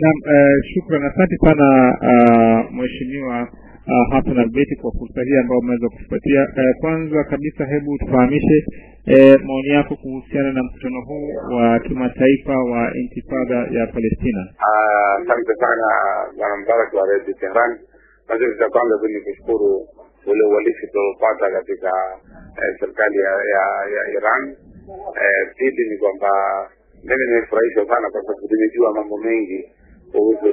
Naam, uh, shukran. Asante sana uh, mheshimiwa uh, Hassan Albert kwa fursa hii ambayo umeweza kutupatia. Uh, kwanza kabisa, hebu tufahamishe uh, maoni yako kuhusiana na mkutano huu wa kimataifa wa intifada ya Palestina. Ah, asante uh, sana bwana Mbarak wa Radio Tehran. Basi cha kwanza tu ni kushukuru ule uhalisi tuliopata katika eh, serikali ya, ya, ya Iran. Pili eh, ni kwamba mimi nimefurahishwa sana kwa sababu nimejua mambo mengi kuhusu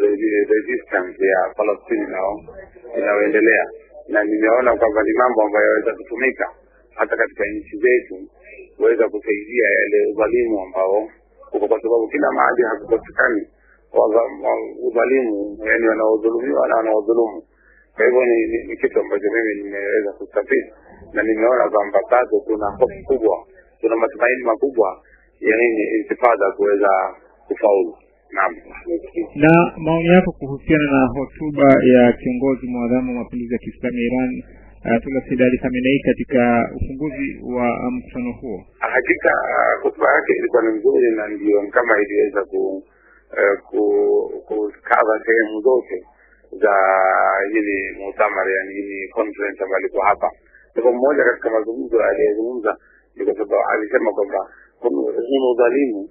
resistance ya Palestina inayoendelea, na nimeona kwamba ni mambo ambayo yaweza kutumika hata katika nchi zetu kuweza kusaidia yale udhalimu ambao uko, kwa sababu kila mahali hakukosekani udhalimu, yani wanaodhulumiwa na wanaodhulumu. Kwa hivyo ni, ni kitu ambacho mimi nimeweza kusafiri na nimeona kwamba bado kuna hofu kubwa, kuna matumaini makubwa ya nini intifada kuweza kufaulu. Naam. Na maoni yako kuhusiana na hotuba ya kiongozi mwadhamu wa mapinduzi ya Kiislamu ya Iran Ayatollah Said Ali Khamenei katika ufunguzi wa mkutano huo? Hakika uh, hotuba yake ilikuwa ni nzuri na ndio kama iliweza ku kukava uh, ku, sehemu zote za hili mutamar, yani hili conference ambayo alikuwa hapa. Kwa mmoja katika mazungumzo aliyezungumza ni kwa sababu alisema kwamba kuna udhalimu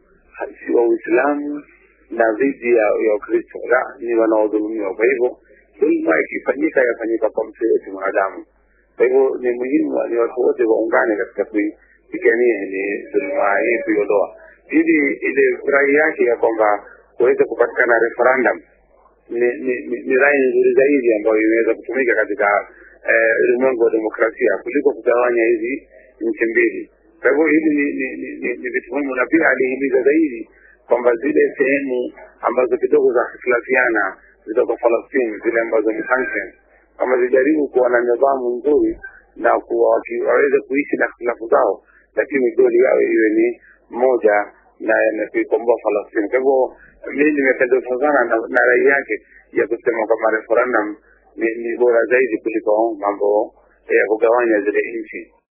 si wa Uislamu na dhidi ya, ya Ukristo ni wanaodhulumiwa. Kwa hivyo dhulma ikifanyika yafanyika kwa mtu yoyote mwanadamu. Kwa hivyo ni muhimu ni watu wote waungane katika kuipigania ili dhulma hii kuiondoa, ili ile rai yake ya kwamba kuweze kupatikana referendum ni, ni, ni, ni rai nzuri zaidi ambayo inaweza kutumika katika eh, ulimwengu eh, wa demokrasia kuliko kugawanya hizi nchi mbili. Kwa hivyo hili ni vitu muhimu, na pia alihimiza zaidi kwamba zile sehemu ambazo kidogo za hitilafiana zitoka Falastini, zile ambazo ni sanction kama zijaribu kuwa na nidhamu nzuri na kuwa waweze kuishi na hitilafu zao, lakini goli yao iwe ni moja na kuikomboa Falastini. Kwa hivyo mi nimependezwa sana na, rai yake ya kusema kwamba referendum ni bora zaidi kuliko mambo ya kugawanya zile nchi.